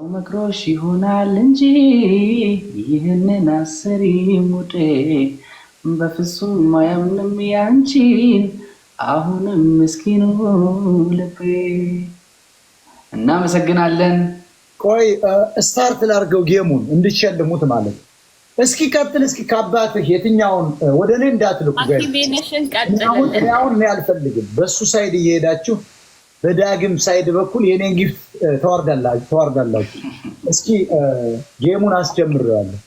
ሰው መክሮሽ ይሆናል እንጂ ይህንን አስሪ ሙጤ በፍጹም አያምንም ያንቺን አሁንም ምስኪኑ ልቤ። እናመሰግናለን። ቆይ ስታርት ላርገው ጌሙን እንድትሸልሙት ማለት እስኪ ቀጥል። እስኪ ከአባትህ የትኛውን ወደ እኔ እንዳትልኩ። ሁን ያልፈልግም አልፈልግም። በእሱ ሳይድ እየሄዳችሁ በዳግም ሳይድ በኩል የኔን ጊፍት ተዋርዳላችሁ። እስኪ ጌሙን አስጀምሬዋለሁ።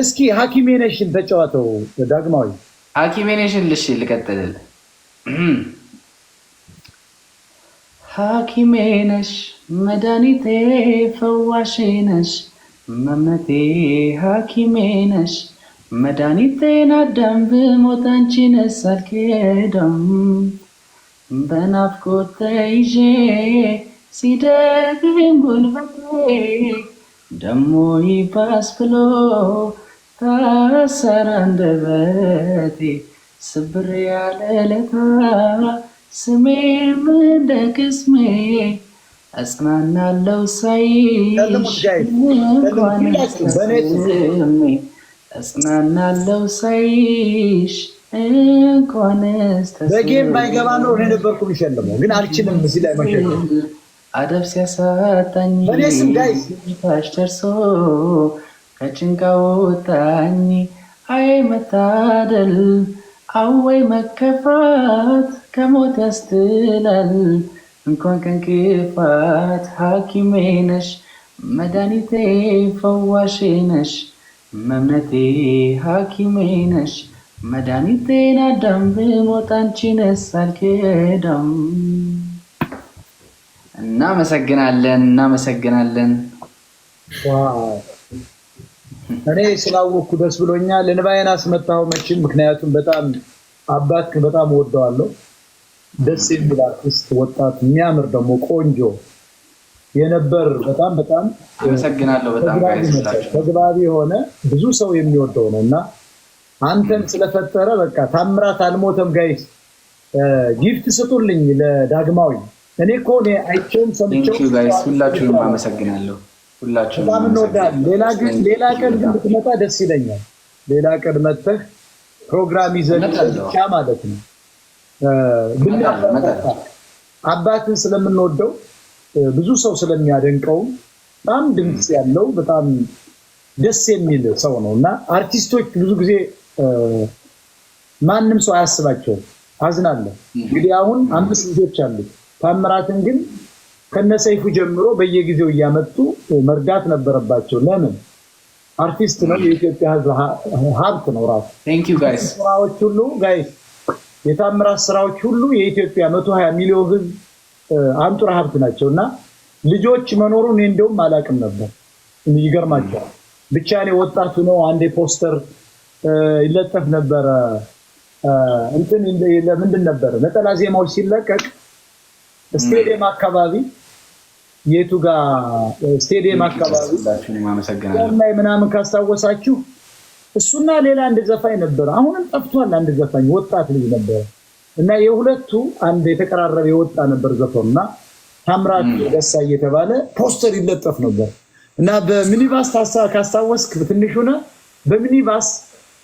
እስኪ ሀኪሜነሽን ነሽን ተጫዋተው ዳግማዊ ሀኪሜ ነሽን ልሽ ልቀጥልል ሀኪሜ ነሽ መድኃኒቴ ፈዋሽ ነሽ መመቴ ሀኪሜ ነሽ መድኃኒቴን አዳም ብሞት አንቺ ነሽ በናፍቆት ተይዤ ሲደግም ጉልበቴ ደሞ ይባስ ብሎ ታሰረ አንደበቴ ስብር ያለ ለታ ስሜ እንደ ቅስሜ እጽናናለው ሳይሽ እንኳን ሳይሽ በጌም ባይገባ ነው እኔ ነበርኩ የሚሸልመው፣ ግን አልችልም። እዚህ ላይ መሸለም አደብ ሲያሳጣኝ ታች ደርሶ ከጭንቃ ወጣኝ። አይ መታደል፣ አወይ መከፋት፣ ከሞት ያስትላል እንኳን ከንክፋት። ሐኪሜ ነሽ መድኃኒቴ፣ ፈዋሼ ነሽ መምነቴ፣ ሐኪሜ ነሽ መድኃኒቴን አዳም ብሞት አንቺ ነሽ እናመሰግናለን እናመሰግናለን። እኔ ስላወቅኩ ደስ ብሎኛ ለንባየና አስመጣው መችን ምክንያቱም በጣም አባት በጣም ወደዋለሁ። ደስ የሚል አርቲስት ወጣት፣ የሚያምር ደግሞ ቆንጆ የነበር በጣም በጣም አመሰግናለሁ። በጣም ተግባቢ የሆነ ብዙ ሰው የሚወደው ነው እና አንተን ስለፈጠረ በቃ ታምራት አልሞተም። ጋይስ ጊፍት ስጡልኝ ለዳግማዊ። እኔ እኮ እኔ አይቼውም ሰምቼውም ሁላችሁንም አመሰግናለሁ። ሁላችሁንም በጣም እንወዳለን። ሌላ ቀን ግን ብትመጣ ደስ ይለኛል። ሌላ ቀን መጥተህ ፕሮግራም ይዘን ብቻ ማለት ነው አባትን ስለምንወደው ብዙ ሰው ስለሚያደንቀው በጣም ድምፅ ያለው በጣም ደስ የሚል ሰው ነው እና አርቲስቶች ብዙ ጊዜ ማንም ሰው አያስባቸውም። አዝናለሁ። እንግዲህ አሁን አምስት ልጆች አሉት። ታምራትን ግን ከነሰይፉ ጀምሮ በየጊዜው እያመጡ መርዳት ነበረባቸው። ለምን? አርቲስት ነው፣ የኢትዮጵያ ሕዝብ ሀብት ነው ራሱ። ስራዎች ሁሉ ጋይስ፣ የታምራት ስራዎች ሁሉ የኢትዮጵያ መቶ ሀያ ሚሊዮን ሕዝብ አንጡራ ሀብት ናቸው እና ልጆች መኖሩን እኔ እንደውም አላውቅም ነበር። ይገርማቸዋል። ብቻ እኔ ወጣቱ ነው አንዴ ፖስተር ይለጠፍ ነበረ። እንትን ለምንድን ነበረ ነጠላ ዜማዎች ሲለቀቅ ስቴዲየም አካባቢ የቱ ጋር ስቴዲየም አካባቢ ምናምን ካስታወሳችሁ እሱና ሌላ አንድ ዘፋኝ ነበረ። አሁንም ጠፍቷል። አንድ ዘፋኝ ወጣት ልጅ ነበረ እና የሁለቱ አንድ የተቀራረበ የወጣ ነበር እና ታምራት ደሳ እየተባለ ፖስተር ይለጠፍ ነበር እና በሚኒባስ ካስታወስክ ትንሽ ሆነ በሚኒባስ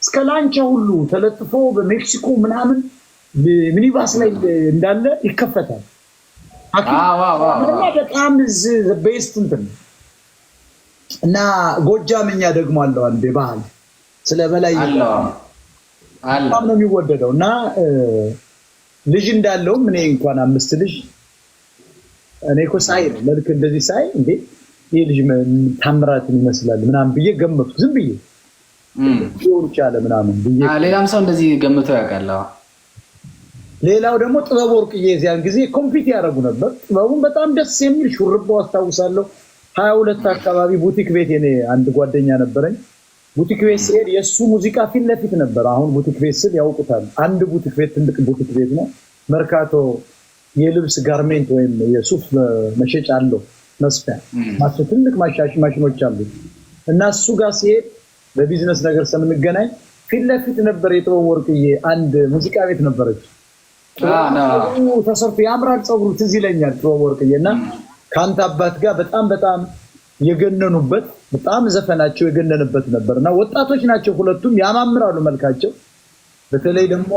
እስከ ላንቻ ሁሉ ተለጥፎ በሜክሲኮ ምናምን ሚኒባስ ላይ እንዳለ ይከፈታል። በጣም ቤስት እንትን እና ጎጃምኛ ደግሞ አለው አንዴ ባህል ስለ በላይ በጣም ነው የሚወደደው እና ልጅ እንዳለውም እኔ እንኳን አምስት ልጅ እኔ እኮ ሳይ ነው መልክ እንደዚህ ሳይ እንዴ ይህ ልጅ ታምራትን ይመስላል ምናምን ብዬ ገመቱ ዝም ብዬ ሊሆን ይቻለ ምናምን ሌላም ሰው እንደዚህ ገምቶ ያውቃል። ሌላው ደግሞ ጥበብ ወርቅዬ ዚያን ጊዜ ኮምፒት ያደረጉ ነበር። ጥበቡን በጣም ደስ የሚል ሹርባው አስታውሳለሁ። ሀያ ሁለት አካባቢ ቡቲክ ቤት የኔ አንድ ጓደኛ ነበረኝ። ቡቲክ ቤት ስሄድ የእሱ ሙዚቃ ፊት ለፊት ነበር። አሁን ቡቲክ ቤት ስል ያውቁታል። አንድ ቡቲክ ቤት ትልቅ ቡቲክ ቤት ነው። መርካቶ የልብስ ጋርሜንት ወይም የሱፍ መሸጫ አለው መስፊያ ትልቅ ማሽኖች አሉ እና እሱ ጋር ሲሄድ በቢዝነስ ነገር ስንገናኝ ፊት ለፊት ነበር የጥበብ ወርቅዬ አንድ ሙዚቃ ቤት ነበረች። ተሰርቶ የአምራር ፀጉሩ ትዝ ይለኛል ጥበብ ወርቅዬ እና ከአንተ አባት ጋር በጣም በጣም የገነኑበት በጣም ዘፈናቸው የገነንበት ነበር እና ወጣቶች ናቸው ሁለቱም ያማምራሉ መልካቸው። በተለይ ደግሞ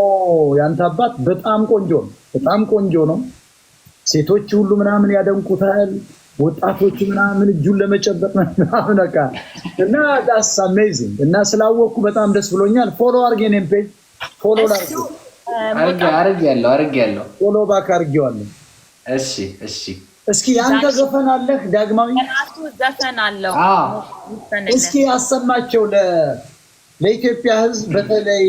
የአንተ አባት በጣም ቆንጆ ነው፣ በጣም ቆንጆ ነው። ሴቶች ሁሉ ምናምን ያደንቁታል። ወጣቶች ምናምን እጁን ለመጨበጥ ምናምን በቃ እና ዳስ አሜዚንግ እና ስላወቅኩ በጣም ደስ ብሎኛል። ፎሎ አርጌን ፔጅ ፎሎ አርጌያለሁ አርጌያለሁ ፎሎ ባክ አርጌዋለሁ። እሺ እሺ። እስኪ አንተ ዘፈን አለህ ዳግማዊ? ራሱ ዘፈን አለው። እስኪ ያሰማቸው ለኢትዮጵያ ሕዝብ በተለይ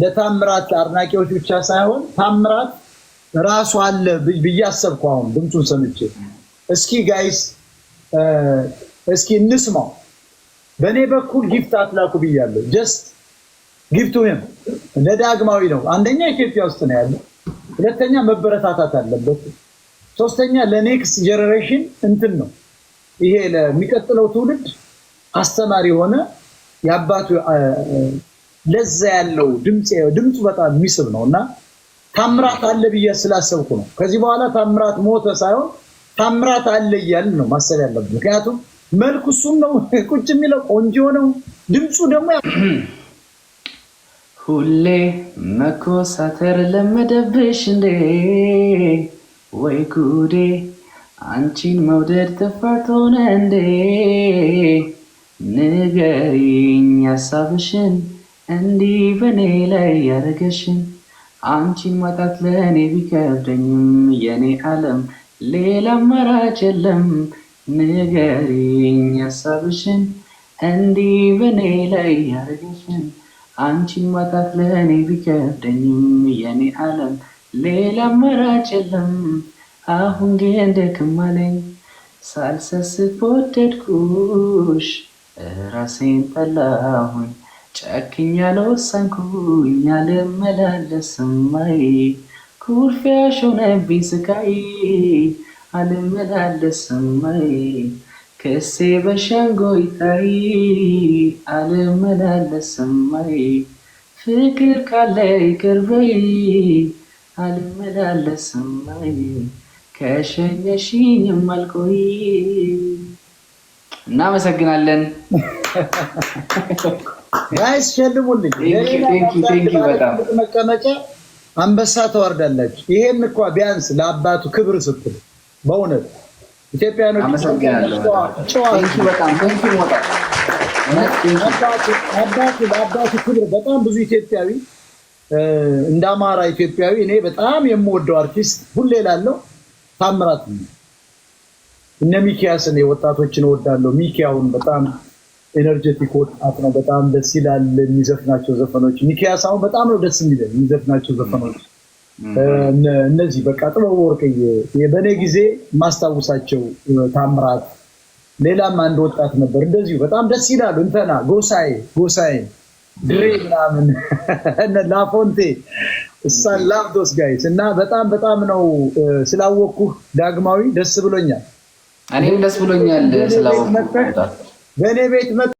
ለታምራት አድናቂዎች ብቻ ሳይሆን ታምራት ራሱ አለ ብዬ አሰብኩ። አሁን ድምፁን ሰምቼ እስኪ ጋይስ እስኪ እንስማው። በእኔ በኩል ጊፍት አትላኩ ብያለሁ። ጀስት ጊፍቱ ሂም ለዳግማዊ ነው። አንደኛ ኢትዮጵያ ውስጥ ነው ያለው፣ ሁለተኛ መበረታታት አለበት፣ ሶስተኛ ለኔክስት ጀነሬሽን እንትን ነው ይሄ ለሚቀጥለው ትውልድ አስተማሪ የሆነ የአባቱ ለዛ ያለው ድምፁ በጣም የሚስብ ነው እና ታምራት አለ ብዬ ስላሰብኩ ነው። ከዚህ በኋላ ታምራት ሞተ ሳይሆን ታምራት አለ እያልን ነው ማሰብ ያለብን። ምክንያቱም መልኩ እሱም ነው ቁጭ የሚለው ቆንጆ ነው። ድምፁ ደግሞ ሁሌ መኮሳተር ለመደብሽ እንዴ ወይ ጉዴ አንቺን መውደድ ተፈርቶነ እንዴ ንገሪኝ ሀሳብሽን እንዲህ በኔ ላይ ያደረገሽን አንቺን ማጣት ለእኔ ቢከብደኝም የእኔ ዓለም ሌላ አማራጭ የለም። ንገሪኝ ሀሳብሽን እንዲህ በኔ ላይ ያረገሽን አንቺን ማጣት ለእኔ ቢከብደኝም የእኔ ዓለም ሌላ አማራጭ የለም። አሁን ግን ደክማለኝ ሳልሰስት ወደድኩሽ ራሴን ጠላሁኝ። ጨክኛ ለወሰንኩኝ አልመላለስማይ ኩርፊያሽ ሆነብኝ ስቃይ አልመላለስማይ ከሴ በሸንጎይታይ አልመላለስማይ ፍቅር ካለ ይቅርበይ አልመላለስማይ ከሸኘሽኝ አልቆይ እናመሰግናለን። አያስሸልሙልኝ መቀመጫ አንበሳ ተዋርዳለች። ይሄን እኳ ቢያንስ ለአባቱ ክብር ስትል በእውነት ኢትዮጵያኖች ለአባቱ ክብር በጣም ብዙ ኢትዮጵያዊ እንደ አማራ ኢትዮጵያዊ እኔ በጣም የምወደው አርቲስት ሁሌ ላለው ታምራት ነው። እነ ሚኪያስ እኔ ወጣቶችን እወዳለሁ። ሚኪያውን በጣም ኤነርጀቲክ ወጣት ነው። በጣም ደስ ይላል የሚዘፍናቸው ዘፈኖች። ሚኪያስ አሁን በጣም ነው ደስ የሚል የሚዘፍናቸው ዘፈኖች እነዚህ በቃ ጥበቡ ወርቅዬ፣ በእኔ ጊዜ ማስታውሳቸው ታምራት፣ ሌላም አንድ ወጣት ነበር እንደዚሁ በጣም ደስ ይላሉ። እንተና ጎሳዬ ጎሳዬ ድሬ ምናምን ላፎንቴ እሳን ላቭ ዶስ ጋይስ እና በጣም በጣም ነው ስላወቅኩህ ዳግማዊ ደስ ብሎኛል። እኔም ደስ ብሎኛል። ስለ በእኔ ቤት